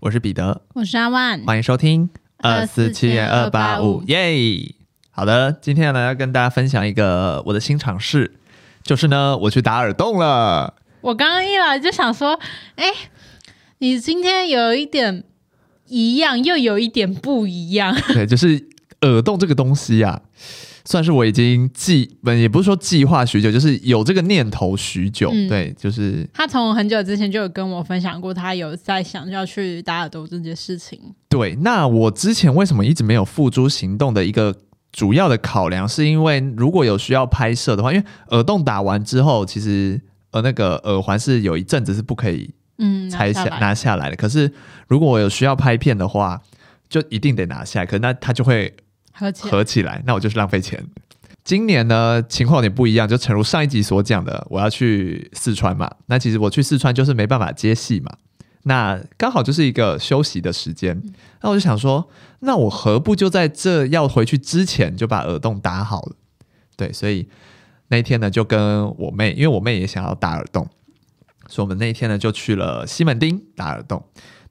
我是彼得，我是阿萬，歡迎收聽二四七二八五，耶！Yeah! 好的，今天呢要跟大家分享一個我的新嘗試，就是呢，我去打耳洞了。我剛剛一來就想說，哎，你今天有一點一樣，又有一點不一樣。 對，就是耳洞這個東西呀、啊。算是我已經計，也不是說計劃許久，就是有這個念頭許久，嗯、對，就是他從很久之前就有跟我分享過，他有在想要去打耳洞這件事情。對，那我之前為什麼一直沒有付諸行動的一個主要的考量，是因為如果有需要拍攝的話，因為耳洞打完之後，其實呃那個耳環是有一陣子是不可以嗯拆下拿下來的。可是如果我有需要拍片的話，就一定得拿下來，可是那他就會。合起來，起來，那我就是浪費錢。今年呢，情況有點不一樣，就誠如上一集所講的，我要去四川嘛。那其實我去四川就是沒辦法接戲嘛，那剛好就是一個休息的時間。那我就想說，那我何不就在這要回去之前就把耳洞打好了？對，所以那天呢，就跟我妹，因為我妹也想要打耳洞，所以我們那天呢就去了西門町打耳洞。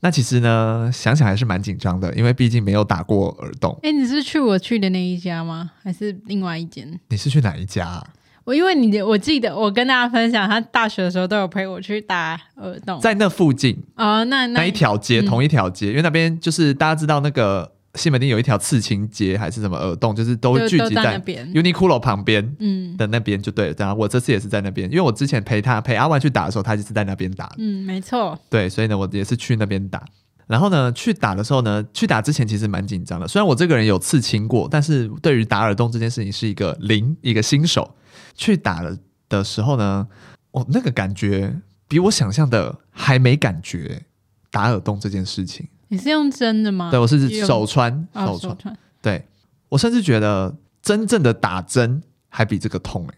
那其實呢，想想還是蠻緊張的，因為畢竟沒有打過耳洞。哎、欸，你是去我去的那一家嗎？還是另外一間？你是去哪一家？啊？我因為你，我記得我跟大家分享，他大學的時候都有陪我去打耳洞，在那附近哦，那那哪一條街，嗯、同一條街，因為那邊就是大家知道那個。西門町有一條刺青街，還是什麼耳洞，就是都聚集在 Uniqlo 旁邊，嗯的那邊就對了。然後、嗯、我這次也是在那邊，因為我之前陪他陪阿萬去打的時候，他就是在那邊打，嗯，沒錯，對，所以呢，我也是去那邊打。然後呢，去打的時候呢，去打之前其實蠻緊張的。雖然我這個人有刺青過，但是對於打耳洞這件事情是一個零，一個新手去打了的時候呢，我、哦、那個感覺比我想象的還沒感覺打耳洞這件事情。你是用針的嗎？對我是手穿、哦、手穿，對我甚至覺得真正的打針還比這個痛誒、欸，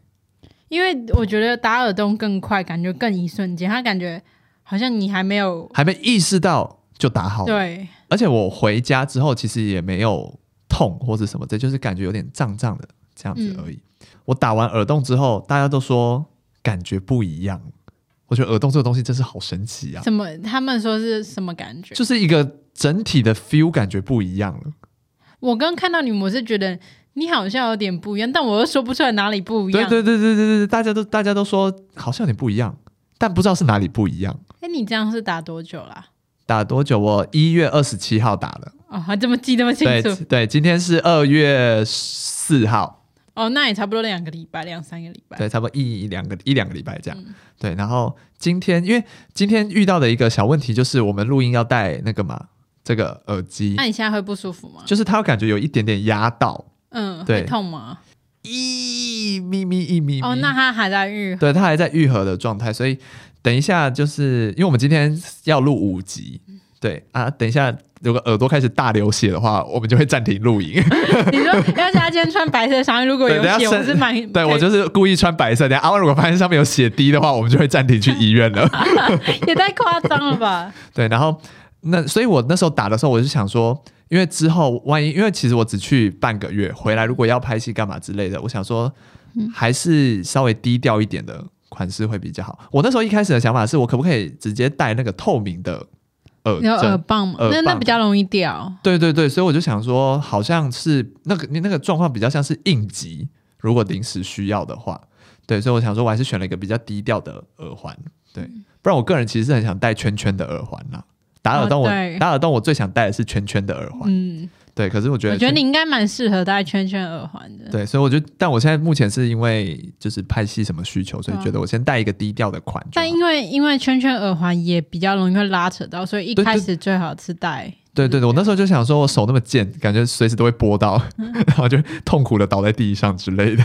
因為我覺得打耳洞更快，感覺更一瞬間，他感覺好像你還沒有還沒意識到就打好了，對，而且我回家之後其實也沒有痛或者什麼，這就是感覺有點脹脹的這樣子而已。嗯、我打完耳洞之後，大家都說感覺不一樣，我覺得耳洞這個東西真是好神奇啊！怎麼他們說是什麼感覺？就是一個。整體的 feel 感覺不一樣了。我剛剛看到你，我是覺得你好像有點不一樣，但我又說不出來哪裡不一樣。對對對對對對，大家都大家都說好像有點不一樣，但不知道是哪裡不一樣。哎，你這樣是打多久啦、啊？打多久？我一月二十七號打了。哦，還這麼記這麼清楚？對對，今天是二月四號。哦，那也差不多兩個禮拜，兩三個禮拜。對，差不多一兩個一兩個禮拜這樣。嗯、對，然後今天因為今天遇到的一個小問題就是，我們錄音要帶那個嘛。這個耳機，那、啊、你現在會不舒服嗎？就是他會感覺有一點點壓到，嗯，對，痛嗎？一咪咪一咪咪。哦，那他還在愈合，對，他還在愈合的狀態，所以等一下，就是因為我們今天要錄五集，對啊，等一下如果耳朵開始大流血的話，我們就會暫停錄音。 你說，要是他今天穿白色的上衣，如果有血，我是對我就是故意穿白色。等下我、啊、如果發現上面有血滴的話，我們就會暫停去醫院了。 也太誇張了吧？對，然後。那所以，我那時候打的時候，我就想說，因為之後萬一，因為其實我只去半個月，回來如果要拍戲幹嘛之類的，我想說，還是稍微低調一點的款式會比較好。我那時候一開始的想法是我可不可以直接戴那個透明的耳，有耳棒嗎？那那比較容易掉。哦，對對對，所以我就想說，好像是那個你那個狀況比較像是應急，如果臨時需要的話，對，所以我想說我還是選了一個比較低調的耳環，對，不然我個人其實是很想戴圈圈的耳環啦、啊。打耳洞我，我、哦、打耳洞，我最想戴的是圈圈的耳環。嗯，對，可是我覺得，我覺得你應該蠻適合戴圈圈耳環的。對，所以我覺得，但我現在目前是因為就是拍戲什麼需求，所以覺得我先戴一個低調的款。但因為因為圈圈耳環也比較容易會拉扯到，所以一開始最好是戴。對對對對對，我那時候就想說，我手那麼賤，感覺隨時都會撥到，然後就痛苦的倒在地上之類的。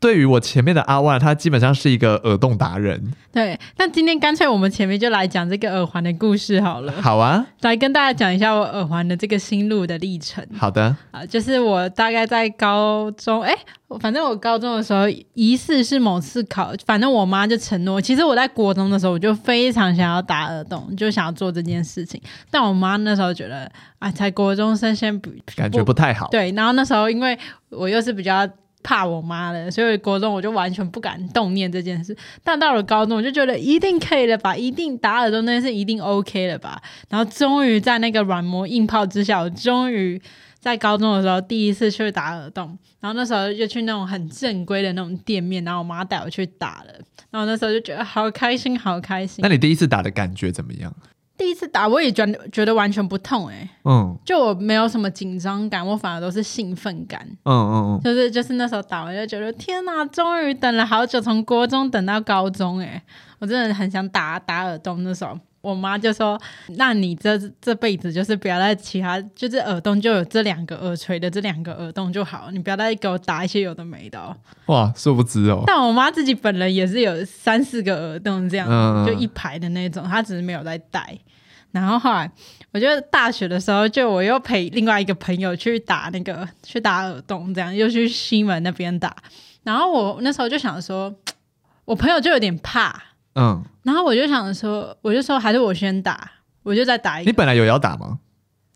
對於我前面的阿萬，他基本上是一個耳洞達人。對，那今天乾脆我們前面就來講這個耳環的故事好了。好啊，來跟大家講一下我耳環的這個心路的歷程。好的，啊，就是我大概在高中哎。誒反正我高中的時候，疑似是某次考，反正我媽就承諾。其實我在國中的時候，我就非常想要打耳洞，就想要做這件事情。但我媽那時候覺得，啊、哎，才國中生，先不，感覺不太好。對，然後那時候因為我又是比較怕我媽的，所以國中我就完全不敢動念這件事。但到了高中，我就覺得一定可以了吧，一定打耳洞那是一定 OK 了吧。然後終於在那個軟磨硬泡之下，我終於。在高中的時候，第一次去打耳洞，然後那時候就去那種很正規的那種店面，然後我媽帶我去打了，然後那時候就覺得好開心，好開心。那你第一次打的感覺怎麼樣？第一次打我也覺得覺得完全不痛哎、欸，嗯，就我沒有什麼緊張感，我反而都是興奮感，嗯嗯嗯，就是就是那時候打，我就覺得天哪、啊，終於等了好久，從國中等到高中、欸，哎，我真的很想打打耳洞那時候。我媽就說：“那你這這輩子就是不要再其他，就是耳洞就有這兩個耳垂的這兩個耳洞就好，你不要再給我打一些有的沒的、哦。”哇，殊不知哦。但我媽自己本人也是有三四個耳洞這樣、嗯、就一排的那種，她只是沒有在戴。然後後來，我覺得大學的時候，就我又陪另外一個朋友去打那個，去打耳洞，這樣又去西門那邊打。然後我那時候就想說，我朋友就有點怕。嗯，然後我就想說，我就說還是我先打，我就再打一個。你本來有要打嗎？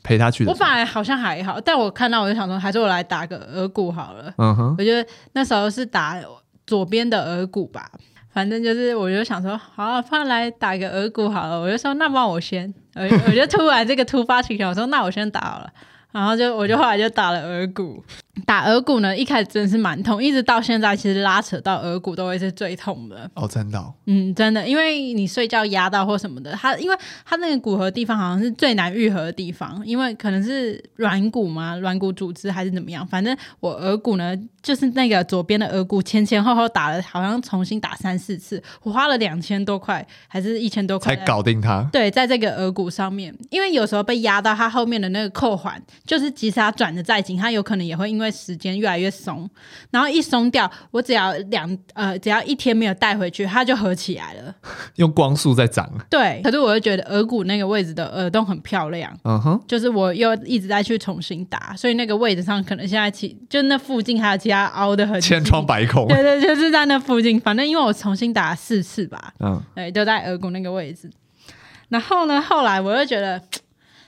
陪他去。我本來好像還好，但我看到我就想說，還是我來打個耳骨好了。嗯哼。我就那時候是打左邊的耳骨吧，反正就是我就想說，好，放來打個耳骨好了。我就說那幫我先我，我就突然這個突發奇想 我說，那我先打好了，然後就我就後來就打了耳骨。打耳骨呢，一開始真的是蠻痛，一直到現在其實拉扯到耳骨都會是最痛的。哦，真的哦？嗯，真的，因為你睡覺壓到或什麼的，它因為它那個骨核地方好像是最難癒合的地方，因為可能是軟骨嘛，軟骨組織還是怎麼樣。反正我耳骨呢，就是那個左邊的耳骨前前後後打了，好像重新打三四次，我花了兩千多塊，還是一千多塊才搞定它。對，在這個耳骨上面，因為有時候被壓到它後面的那個扣環，就是即使它轉的再緊，它有可能也會因。因為時間越來越鬆，然後一鬆掉，我只要兩呃，只要一天沒有帶回去，它就合起來了。用光速在長。對，可是我又覺得耳骨那個位置的耳洞很漂亮。嗯哼，就是我又一直在去重新打，所以那個位置上可能現在其就那附近還有其他凹的很千瘡百孔。對對，就是在那附近，反正因為我重新打了四次吧。嗯，對，都在耳骨那個位置。然後呢，後來我又覺得。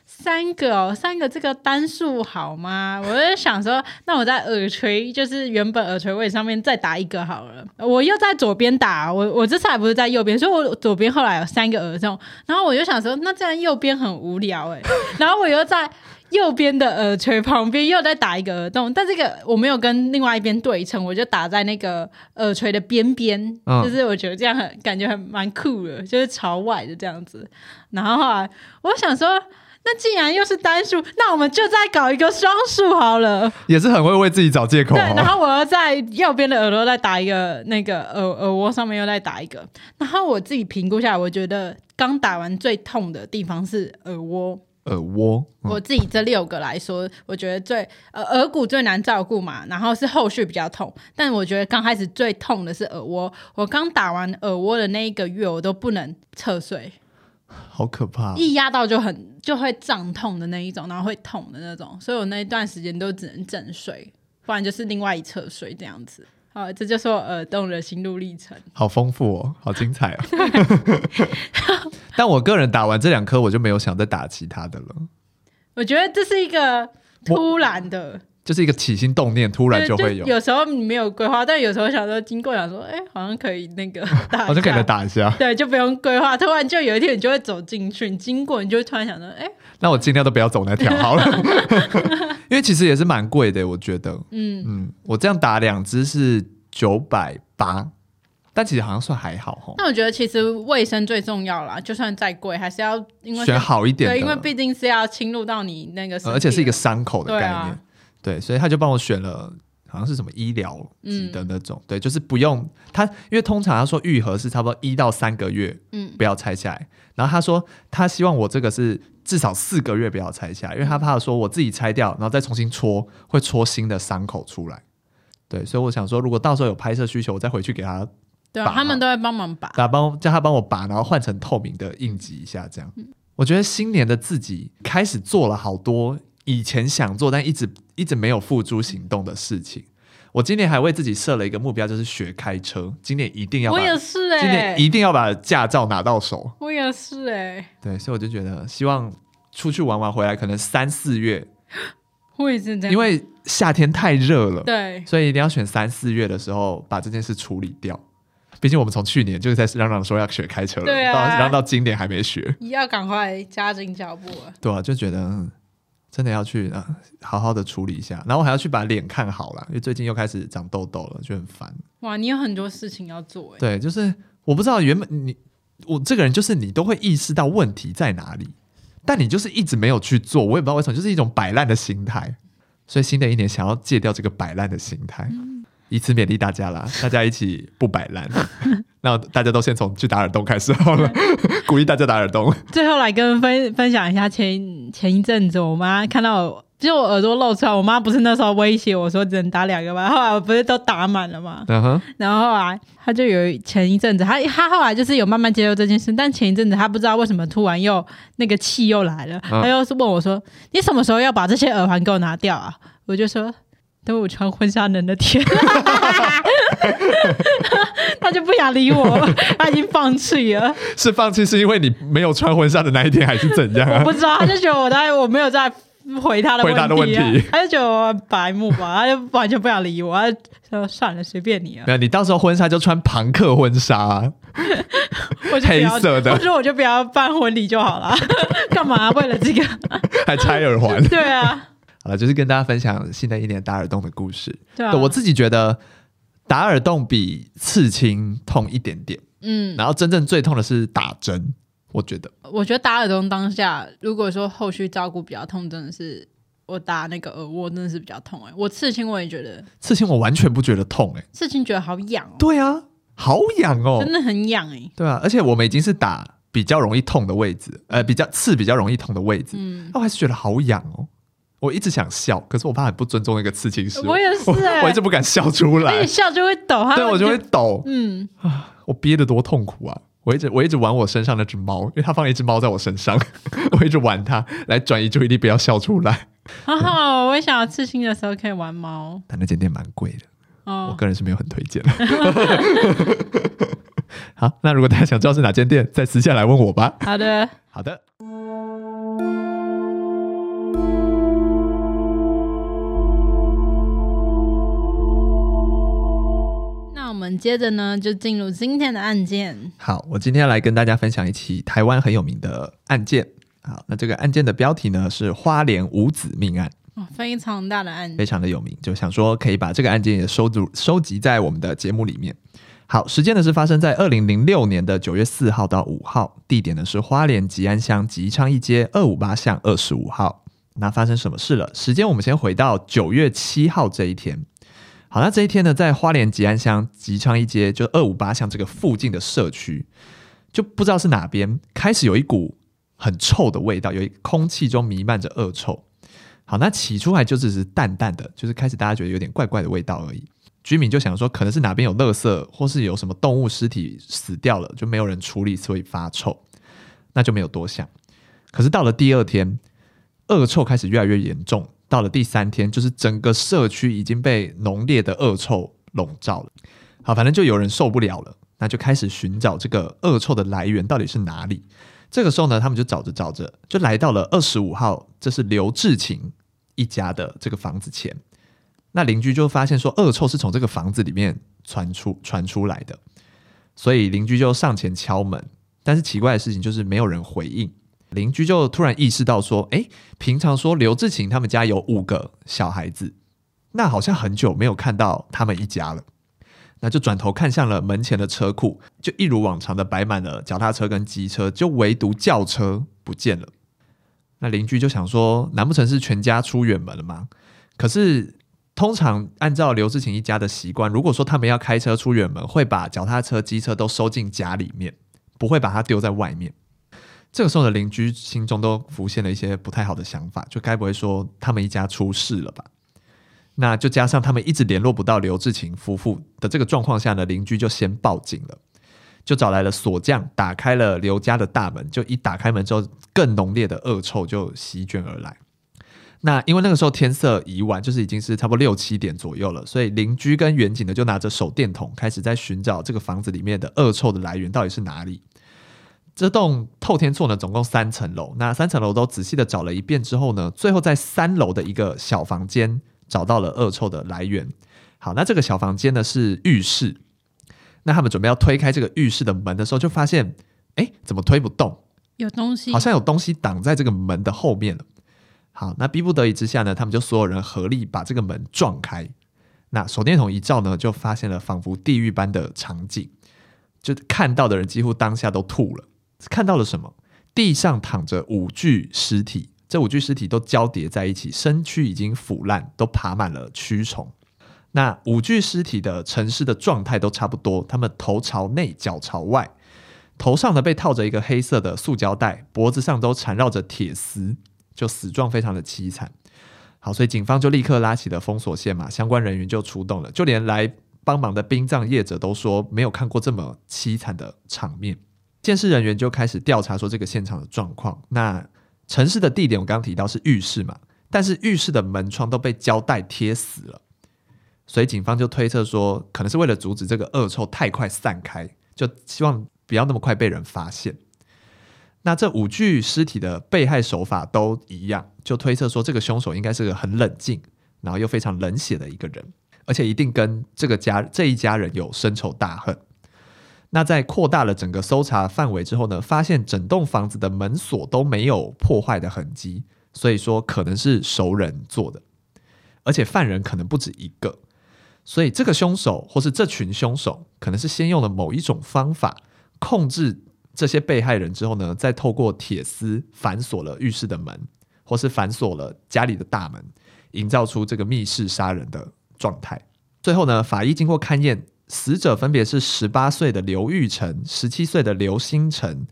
三個哦，三個這個單數好嗎？我就想說，那我在耳垂，就是原本耳垂位上面再打一個好了。我又在左邊打，我我這次還不是在右邊，所以我左邊後來有三個耳洞。然後我就想說，那這樣右邊很無聊誒。然後我又在右邊的耳垂旁邊又在打一個耳洞，但這個我沒有跟另外一邊對稱，我就打在那個耳垂的邊邊，就是我覺得這樣很感覺很蠻酷的，就是朝外的這樣子。然後後來我想說。那既然又是單數，那我們就再搞一個雙數好了。也是很會為自己找借口。對，然後我要在右邊的耳朵再打一個那個耳耳窩上面又再打一個。然後我自己評估下來，我覺得剛打完最痛的地方是耳窩。耳窩，嗯，我自己這六個來說，我覺得最耳耳骨最難照顧嘛，然後是後續比較痛。但我覺得剛開始最痛的是耳窩。我剛打完耳窩的那一個月，我都不能側睡，好可怕！一壓到就很。就會脹痛的那一種，然後會痛的那種，所以我那一段時間都只能枕睡，不然就是另外一側睡這樣子。好，這就是我耳洞的心路歷程，好豐富哦，好精彩哦！但我個人打完這兩顆，我就沒有想再打其他的了。我覺得這是一個突然的。就是一個起心動念，突然就會有。有時候你沒有規劃，但有時候想說經過，想說，哎、欸，好像可以那個打， 好像可以再打一下。對，就不用規劃，突然就有一天你就會走進去，你經過，你就會突然想說，哎、欸。那我儘量都不要走那條 好了， 因為其實也是蠻貴的，我覺得。嗯嗯，我這樣打兩只是九百八，但其實好像算還好。那我覺得其實衛生最重要啦，就算再貴，還是要因為選好一點的。對，因為畢竟是要侵入到你那個，而且是一個傷口的概念。對，所以他就幫我選了，好像是什麼醫療級嗯的那種。嗯、對，就是不用他，因為通常他說癒合是差不多一到三個月，嗯，不要拆下來。嗯、然後他說他希望我這個是至少四個月不要拆下來，因為他怕說我自己拆掉，然後再重新戳會戳新的傷口出來。對，所以我想說，如果到時候有拍攝需求，我再回去給他。對、啊，他們都會幫忙拔，幫叫他幫我拔，然後換成透明的應急一下，這樣。嗯、我覺得新年的自己開始做了好多。以前想做但一直一直沒有付諸行動的事情，我今年還為自己設了一個目標，就是學開車。今年一定要把，我也是哎、欸，今年一定要把駕照拿到手。我也是哎、欸，對，所以我就覺得，希望出去玩玩回來，可能三四月，我也是這樣，因為夏天太熱了，對，所以一定要選三四月的時候把這件事處理掉。畢竟我們從去年就是在嚷嚷說要學開車了，對啊，然後到今年還沒學，要趕快加緊腳步了。對啊，就覺得。真的要去啊，好好的處理一下，然後我還要去把臉看好了，因為最近又開始長痘痘了，就很煩。哇，你有很多事情要做欸。對，就是我不知道原本你我這個人就是你都會意識到問題在哪裡，但你就是一直沒有去做，我也不知道為什麼，就是一種擺爛的心態。所以新的一年想要戒掉這個擺爛的心態。嗯。以此勉勵大家啦，大家一起不擺爛。 那大家都先從去打耳洞開始好了，鼓勵大家打耳洞。最後來跟分分享一下前前一陣子，我媽看到我就我耳朵露出來，我媽不是那時候威脅我說只能打兩個嗎？後來我不是都打滿了嗎？Uh huh. 然後啊，她就有前一陣子，她她後來就是有慢慢接受這件事，但前一陣子她不知道為什麼突然又那個氣又來了，她、uh huh. 又是問我說：“你什麼時候要把這些耳環給我拿掉啊？”我就說：“等我穿婚紗那的天。” 他就不想理我了， 他已經放棄了。是放棄，是因為你沒有穿婚紗的那一天，還是怎樣、啊？ 不知道，他就覺得我在我沒有在回他的答、啊、的問題，他就覺得我白目吧，他就完全不想理我。他說算了，隨便你啊。你到時候婚紗就穿朋克婚紗，黑色的。說我就不要辦婚禮就好了，幹 嘛、啊、為了這個、啊、還拆耳環？ 對啊。好了，就是跟大家分享新的一年打耳洞的故事。對，、啊、對我自己覺得。打耳洞比刺青痛一點點，嗯，然後真正最痛的是打針，我覺得。我覺得打耳洞當下，如果說後續照顧比較痛，真的是我打那個耳窩真的是比較痛哎。我刺青我也覺得，刺青我完全不覺得痛哎，嗯，刺青覺得好癢哦。對啊，好癢哦，真的很癢哎。對啊，而且我們已經是打比較容易痛的位置，呃，比較刺比較容易痛的位置，嗯，那我還是覺得好癢哦。我一直想笑，可是我怕很不尊重那個刺青師。我也是、欸，啊，我一直不敢笑出來。笑就會抖，哈，對我就會抖。嗯，我憋得多痛苦啊！我一直我一直玩我身上那隻貓，因為它放了一隻貓在我身上， 我一直玩它來轉移注意力，不要笑出來。啊好對，我也想要刺青的時候可以玩貓。但那間店蠻貴的，哦，我個人是沒有很推薦的。 好，那如果大家想知道是哪間店，再私下來問我吧。好的，好的。接着呢，就進入今天的案件。好，我今天來跟大家分享一起台灣很有名的案件。好，那這個案件的標題呢是“花蓮五子命案”。哦，非常大的案件，非常的有名。就想說可以把這個案件也收組收集在我們的節目裡面。好，時間呢是發生在二零零六年的九月四號到五號，地點呢是花蓮吉安鄉吉昌一街二五八巷二十五號。那發生什麼事了？時間我們先回到九月七號這一天。好，那這一天呢，在花蓮吉安鄉吉昌一街，就二五八巷這個附近的社區，就不知道是哪邊開始有一股很臭的味道，有一空氣中彌漫着惡臭。好，那起初還就只是淡淡的，就是開始大家覺得有點怪怪的味道而已。居民就想說，可能是哪邊有垃圾，或是有什麼動物屍體死掉了，就沒有人處理，所以發臭，那就沒有多想。可是到了第二天，惡臭開始越來越嚴重。到了第三天，就是整個社區已經被濃烈的惡臭籠罩了。好，反正就有人受不了了，那就開始尋找這個惡臭的來源到底是哪裡？這個時候呢，他們就找着找着，就來到了二十五號，這是劉志琴一家的這個房子前。那鄰居就發現說，惡臭是從這個房子裡面傳出傳出來的，所以鄰居就上前敲門，但是奇怪的事情就是沒有人回應。鄰居就突然意識到說：“哎、欸，平常說劉志琴他們家有五個小孩子，那好像很久沒有看到他們一家了。”那就轉頭看向了門前的車庫，就一如往常的擺滿了腳踏車跟機車，就唯獨轎車不見了。那鄰居就想說：“難不成是全家出遠門了嗎？”可是，通常按照劉志琴一家的習慣，如果說他們要開車出遠門，會把腳踏車、機車都收進家裡面，不會把它丟在外面。這個時候的鄰居心中都浮現了一些不太好的想法，就該不會說他們一家出事了吧？那就加上他們一直聯絡不到劉志琴夫婦的這個狀況下呢，鄰居就先報警了，就找來了鎖匠，打開了劉家的大門。就一打開門之後，更濃烈的惡臭就席捲而來。那因為那個時候天色已晚，就是已經是差不多六七點左右了，所以鄰居跟員警呢就拿着手電筒開始在尋找這個房子裡面的惡臭的來源到底是哪裡。這棟透天厝呢，總共三層樓。那三層樓都仔細的找了一遍之後呢，最後在三樓的一個小房間找到了惡臭的來源。好，那這個小房間呢是浴室。那他們準備要推開這個浴室的門的時候，就發現，哎，怎麼推不動？有東西，好像有東西擋在這個門的後面了。好，那逼不得已之下呢，他們就所有人合力把這個門撞開。那手電筒一照呢，就發現了仿佛地獄般的場景，就看到的人幾乎當下都吐了。看到了什麼？地上躺着五具屍體，這五具屍體都交疊在一起，身軀已經腐爛，都爬滿了蛆蟲。那五具屍體的陳屍的狀態都差不多，他們頭朝內，腳朝外，頭上呢被套着一個黑色的塑膠袋，脖子上都纏繞着鐵絲，就死狀非常的淒慘。好，所以警方就立刻拉起了封鎖線嘛，相關人員就出動了，就連來幫忙的殯葬業者都說沒有看過這麼淒慘的場面。鑑識人員就開始調查，說這個現場的狀況。那陳屍的地點我剛剛提到是浴室嘛，但是浴室的門窗都被膠帶貼死了，所以警方就推測說，可能是為了阻止這個惡臭太快散開，就希望不要那麼快被人發現。那這五具屍體的被害手法都一樣，就推測說這個兇手應該是個很冷靜，然後又非常冷血的一個人，而且一定跟這個家這一家人有深仇大恨。那在擴大了整個搜查範圍之後呢，發現整棟房子的門鎖都沒有破壞的痕跡，所以說可能是熟人做的，而且犯人可能不止一個，所以這個兇手或是這群兇手可能是先用了某一種方法控制這些被害人之後呢，再透過鐵絲反鎖了浴室的門，或是反鎖了家裡的大門，營造出這個密室殺人的狀態。最後呢，法醫經過勘驗。死者分別是十八歲的劉玉成、十七歲的劉新成、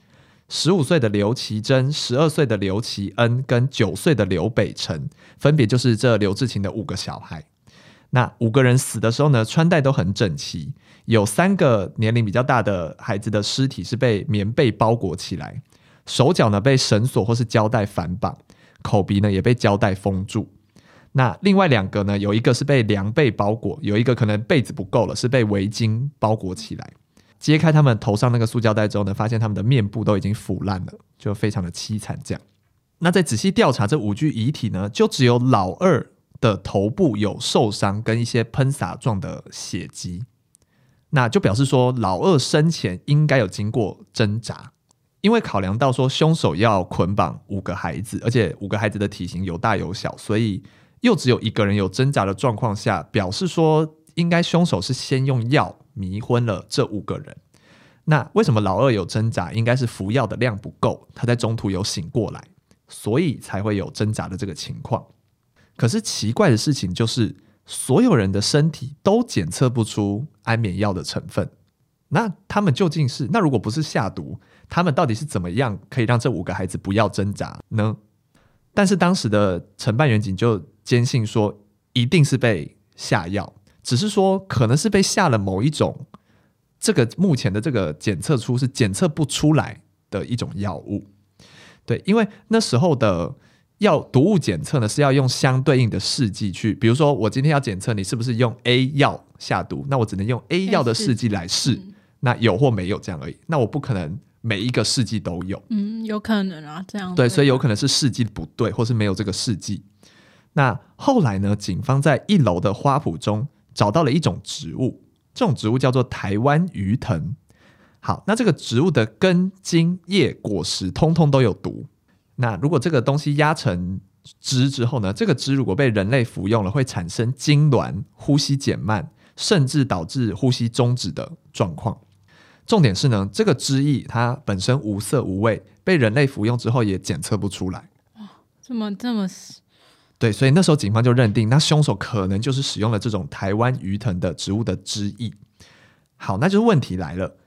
十五歲的劉奇珍、十二歲的劉奇恩跟九歲的劉北成，分別就是這劉志勤的五個小孩。那五個人死的時候呢，穿戴都很整齊。有三個年齡比較大的孩子的屍體是被棉被包裹起來，手腳呢被繩索或是膠帶反綁，口鼻呢也被膠帶封住。那另外兩個呢？有一個是被涼被包裹，有一個可能被子不夠了，是被圍巾包裹起來。揭開他們頭上那個塑膠袋之後呢，發現他們的面部都已經腐爛了，就非常的淒慘這樣。那再仔細調查這五具遺體呢，就只有老二的頭部有受傷跟一些噴灑狀的血跡，那就表示說老二生前應該有經過掙扎。因為考量到說兇手要捆綁五個孩子，而且五個孩子的體型有大有小，所以。又只有一個人有掙扎的狀況下，表示說應該凶手是先用藥迷昏了這五個人。那為什麼老二有掙扎？應該是服藥的量不夠，他在中途有醒過來，所以才會有掙扎的這個情況。可是奇怪的事情就是，所有人的身體都檢測不出安眠藥的成分。那他們究竟是？那如果不是下毒，他們到底是怎麼樣可以讓這五個孩子不要掙扎呢？但是當時的承辦員警就。堅信說一定是被下藥，只是說可能是被下了某一種這個目前的這個檢測出是檢測不出來的一種藥物。對，因為那時候的藥毒物檢測呢是要用相對應的試劑去，比如說我今天要檢測你是不是用 A 藥下毒，那我只能用 A 藥的試劑來試，啊，嗯，那有或沒有這樣而已。那我不可能每一個試劑都有。嗯，有可能啊，這樣對啊。對，所以有可能是試劑不對，或是沒有這個試劑。那後來呢？警方在一樓的花圃中找到了一種植物，這種植物叫做台灣魚藤。好，那這個植物的根、莖、葉、果實，通通都有毒。那如果這個東西壓成汁之後呢？這個汁如果被人類服用了，會產生痙攣、呼吸減慢，甚至導致呼吸中止的狀況。重點是呢，這個汁液它本身無色無味，被人類服用之後也檢測不出來。哇、啊，怎麼這麼？對，所以那時候警方就認定，那兇手可能就是使用了這種台灣魚藤的植物的汁液。好，那就是問題來了，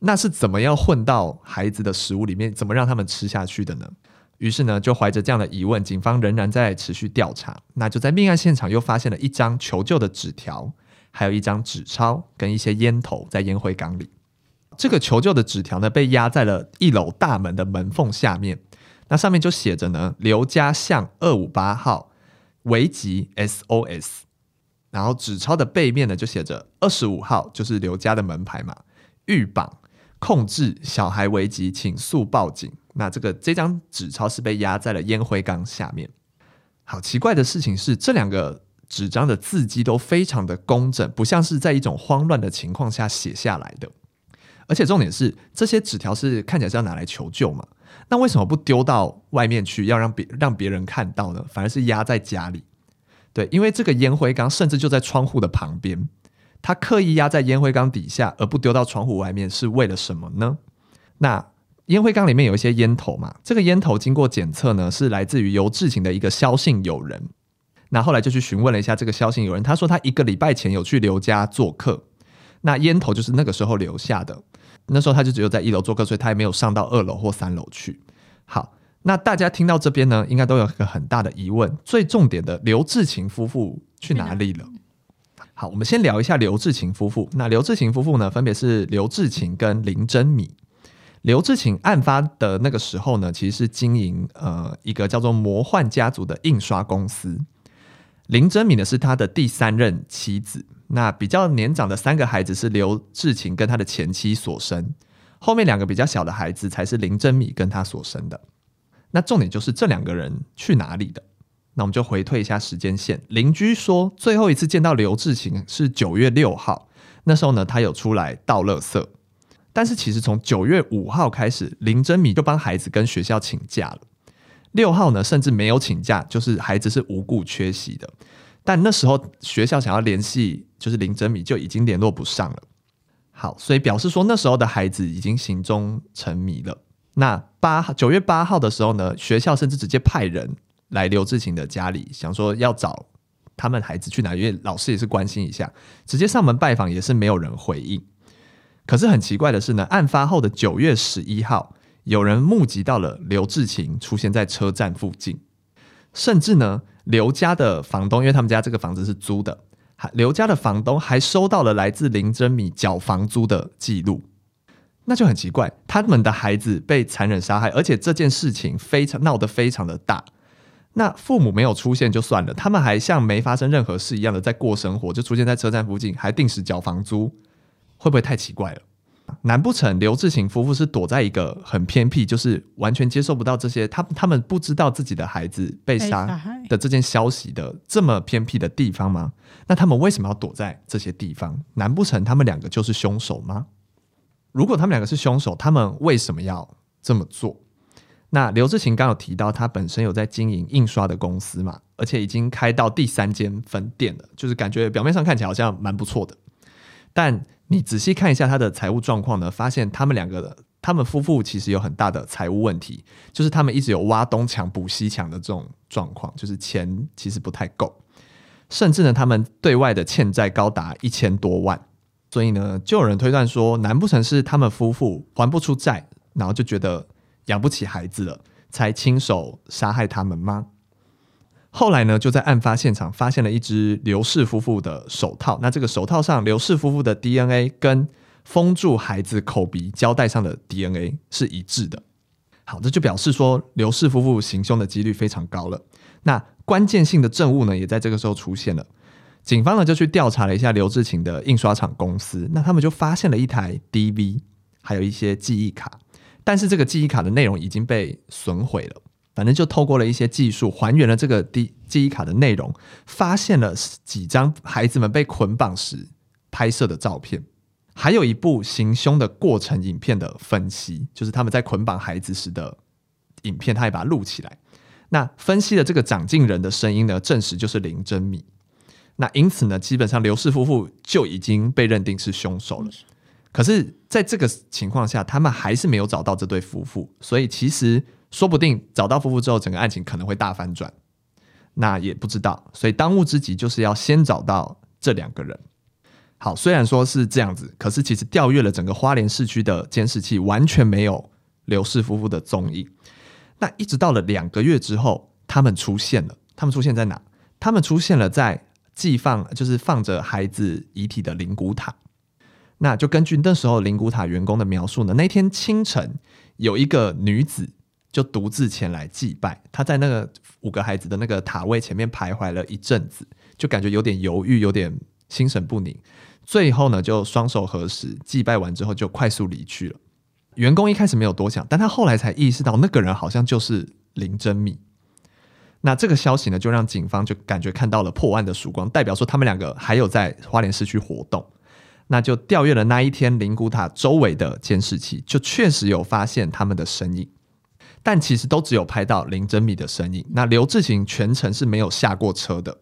那是怎麼樣混到孩子的食物裡面，怎麼讓他們吃下去的呢？於是呢，就懷着這樣的疑問，警方仍然在持續調查。那就在命案現場又發現了一張求救的紙條，還有一張紙鈔跟一些菸頭在菸灰缸裡。這個求救的紙條呢，被壓在了一樓大門的門縫下面。那上面就寫着呢，劉家巷二五八號，危急 SOS。然後紙鈔的背面呢，就寫着二十五號，就是劉家的門牌嘛。遇綁，控制小孩危急，請速報警。那這個這張紙鈔是被壓在了煙灰缸下面。好奇怪的事情是，這兩個紙張的字跡都非常的工整，不像是在一種慌亂的情況下寫下來的。而且重點是，這些紙條是看起來是要拿來求救嘛。那為什麼不丟到外面去，要讓別讓別人看到呢？反而是壓在家裡，對，因為這個煙灰缸甚至就在窗戶的旁邊，他刻意壓在煙灰缸底下，而不丟到窗戶外面，是為了什麼呢？那煙灰缸裡面有一些菸頭嘛，這個菸頭經過檢測呢，是來自於劉志勤的一個肖姓友人。那後來就去詢問了一下這個肖姓友人，他說他一個禮拜前有去劉家做客，那菸頭就是那個時候留下的。那時候他就只有在一樓做客，所以他也沒有上到二樓或三樓去。好，那大家聽到這邊呢，應該都有一個很大的疑問：最重點的劉志勤夫婦去哪裡了？好，我們先聊一下劉志勤夫婦。那劉志勤夫婦呢，分別是劉志勤跟林真米。劉志勤案發的那個時候呢，其實是經營呃一個叫做“魔幻家族”的印刷公司。林真米呢是他的第三任妻子。那比較年長的三個孩子是劉志勤跟他的前妻所生，後面兩個比較小的孩子才是林真米跟他所生的。那重點就是這兩個人去哪裡的？那我們就回退一下時間線。鄰居說最後一次見到劉志勤是九月六號，那時候呢，他有出來倒垃圾，但是其實從九月五號開始，林真米就幫孩子跟學校請假了。六號呢甚至沒有請假，就是孩子是無故缺席的。但那時候學校想要聯繫。就是林真米就已經聯絡不上了。好，所以表示說那時候的孩子已經行蹤成謎了。那八九月八號的時候呢，學校甚至直接派人來劉志勤的家裡，想說要找他們孩子去哪，因為老師也是關心一下，直接上門拜訪也是沒有人回應。可是很奇怪的是呢，案發後的九月十一號，有人目擊到了劉志勤出現在車站附近，甚至呢，劉家的房東，因為他們家這個房子是租的。劉家的房東還收到了來自林真米繳房租的記錄，那就很奇怪。他們的孩子被殘忍殺害，而且這件事情非常鬧得非常的大。那父母沒有出現就算了，他們還像沒發生任何事一樣的在過生活，就出現在車站附近，還定時繳房租，會不會太奇怪了？難不成劉志勤夫婦是躲在一個很偏僻，就是完全接受不到這些他，他他們不知道自己的孩子被殺的這件消息的這麼偏僻的地方嗎？那他們為什麼要躲在這些地方？難不成他們兩個就是兇手嗎？如果他們兩個是兇手，他們為什麼要這麼做？那劉志勤剛有提到，他本身有在經營印刷的公司嘛，而且已經開到第三間分店了，就是感覺表面上看起來好像蠻不錯的，但。你仔細看一下他的財務狀況呢，發現他們兩個的，他們夫婦其實有很大的財務問題，就是他們一直有挖東牆補西牆的這種狀況，就是錢其實不太夠，甚至呢，他們對外的欠債高達一千多萬，所以呢，就有人推斷說，難不成是他們夫婦還不出債，然後就覺得養不起孩子了，才親手殺害他們嗎？後來呢，就在案發現場發現了一隻劉氏夫婦的手套。那這個手套上，劉氏夫婦的 DNA 跟封住孩子口鼻膠帶上的 DNA 是一致的。好，這就表示說劉氏夫婦行兇的幾率非常高了。那關鍵性的證物呢，也在這個時候出現了。警方呢就去調查了一下劉志勤的印刷廠公司，那他們就發現了一台 DV，還有一些記憶卡，但是這個記憶卡的內容已經被損毀了。反正就透過了一些技術還原了這個第記憶卡的內容，發現了幾張孩子們被捆綁時拍攝的照片，還有一部行凶的過程影片的分析，就是他們在捆綁孩子時的影片，他也把它錄起來。那分析的這個掌鏡人的聲音呢，證實就是林真米。那因此呢，基本上劉氏夫婦就已經被認定是凶手了。可是，在這個情況下，他們還是沒有找到這對夫婦，所以其實。說不定找到夫婦之後，整個案情可能會大反轉，那也不知道，所以當務之急就是要先找到這兩個人。好，雖然說是這樣子，可是其實調閱了整個花蓮市區的監視器，完全沒有劉氏夫婦的蹤影。那一直到了兩個月之後，他們出現了。他們出現在哪？他們出現了在寄放，就是放着孩子遺體的靈骨塔。那就根據那時候靈骨塔員工的描述呢，那天清晨有一個女子。就獨自前來祭拜，他在那個五個孩子的那個塔位前面徘徊了一陣子，就感覺有點猶豫，有點心神不寧。最後呢，就雙手合十，祭拜完之後就快速離去了。員工一開始沒有多想，但他後來才意識到，那個人好像就是林真密。那這個消息呢，就讓警方就感覺看到了破案的曙光，代表說他們兩個還有在花蓮市區活動。那就調閱了那一天靈骨塔周圍的監視器，就確實有發現他們的身影。但其實都只有拍到林真米的身影。那劉志勤全程是沒有下過車的，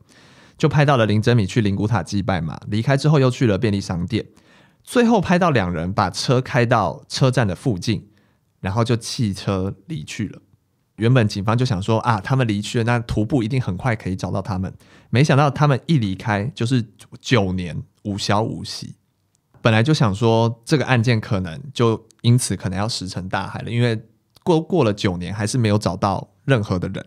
就拍到了林真米去靈骨塔祭拜嘛。離開之後又去了便利商店，最後拍到兩人把車開到車站的附近，然後就棄車離去了。原本警方就想說啊，他們離去了，那徒步一定很快可以找到他們。沒想到他們一離開就是九年無消無息。本來就想說這個案件可能就因此可能要石沉大海了，因為，過過了九年，還是沒有找到任何的人。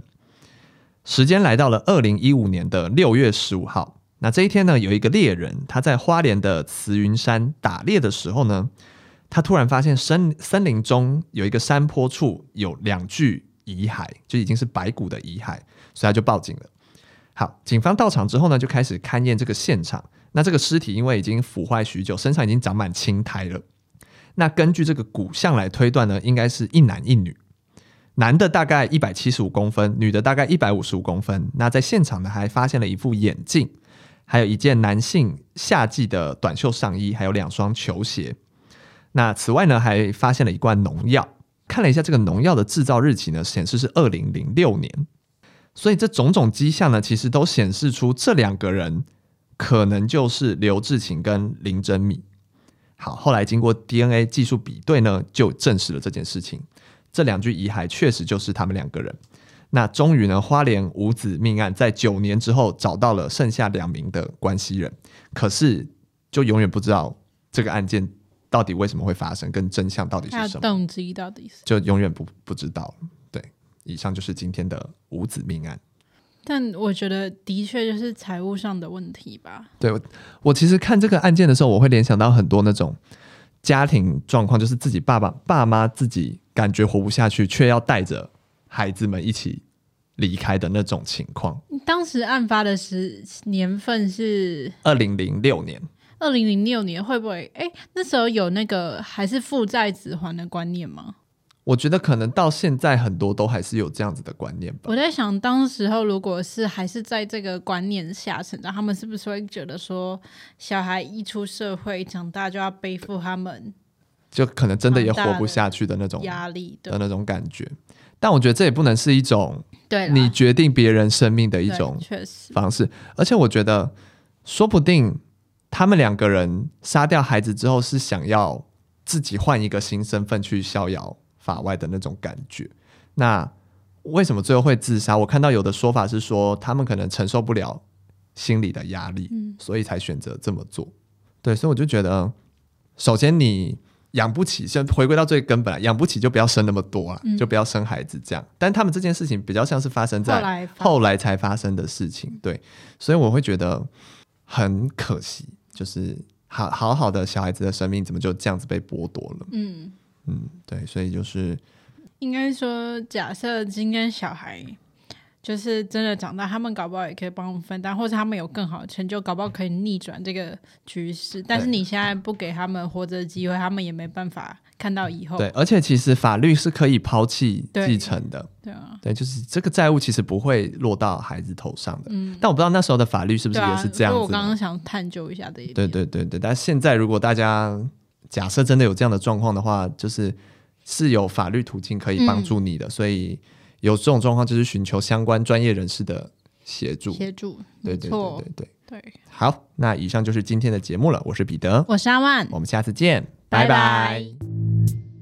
時間來到了二零一五年的六月十五號，那這一天呢，有一個獵人，他在花蓮的慈雲山打獵的時候呢，他突然發現森森林中有一個山坡處有兩具遺骸，就已經是白骨的遺骸，所以他就報警了。好，警方到場之後呢，就開始勘驗這個現場。那這個屍體因為已經腐壞許久，身上已經長滿青苔了。那根據這個骨相來推斷呢，應該是一男一女，男的大概一百七十五公分，女的大概一百五十五公分。那在現場呢，還發現了一副眼鏡，還有一件男性夏季的短袖上衣，還有兩雙球鞋。那此外呢，還發現了一罐農藥。看了一下這個農藥的製造日期呢，顯示是二零零六年。所以這種種跡象呢，其實都顯示出這兩個人可能就是劉志勤跟林真米。好，後來經過 DNA 技術比對呢，就證實了這件事情，這兩具遺骸確實就是他們兩個人。那終於呢，花蓮五子命案在九年之後找到了剩下兩名的關係人，可是就永遠不知道這個案件到底為什麼會發生，跟真相到底是什麼，動機到底是，就永遠不不知道了。對，以上就是今天的五子命案。但我覺得的確就是財務上的問題吧。對我，我其實看這個案件的時候，我會聯想到很多那種家庭狀況，就是自己爸爸、爸媽自己感覺活不下去，卻要帶着孩子們一起離開的那種情況。當時案發的時年份是二零零六年。二零零六年會不會？哎，那時候有那個還是父債子還的觀念嗎？我覺得可能到現在很多都還是有這樣子的觀念吧。我在想，當時候如果是還是在這個觀念下成長，他們是不是會覺得說，小孩一出社會長大就要背負他們，就可能真的也活不下去的那種壓力的那種感覺。但我覺得這也不能是一種對你決定別人生命的一種方式。而且我覺得，說不定他們兩個人殺掉孩子之後，是想要自己換一個新身份去逍遙。法外的那種感覺，那為什麼最後會自殺？我看到有的說法是說，他們可能承受不了心理的壓力，嗯、所以才選擇這麼做。對，所以我就覺得，首先你養不起，先回歸到最根本，養不起就不要生那麼多了，啊，嗯、就不要生孩子這樣。但他們這件事情比較像是發生在後來才發生的事情，對，所以我會覺得很可惜，就是好好好的小孩子的生命怎麼就這樣子被剝奪了？嗯。嗯，對，所以就是應該說，假設今天小孩就是真的長大，他們搞不好也可以幫我們分擔，或者他們有更好的成就，搞不好可以逆轉這個局勢。但是你現在不給他們活着的機會，他們也沒辦法看到以後。對，而且其實法律是可以拋棄繼承的，對，對啊，對，就是這個債務其實不會落到孩子頭上的。嗯，但我不知道那時候的法律是不是也是這樣子。啊，我剛剛想探究一下這一點。對對對對，但現在如果大家。假設真的有這樣的狀況的話，就是是有法律途徑可以幫助你的，嗯、所以有這種狀況就是尋求相關專業人士的協助。協助，對、哦、對對對對。對。好，那以上就是今天的節目了。我是彼得，我是阿萬，我們下次見，拜拜。拜拜。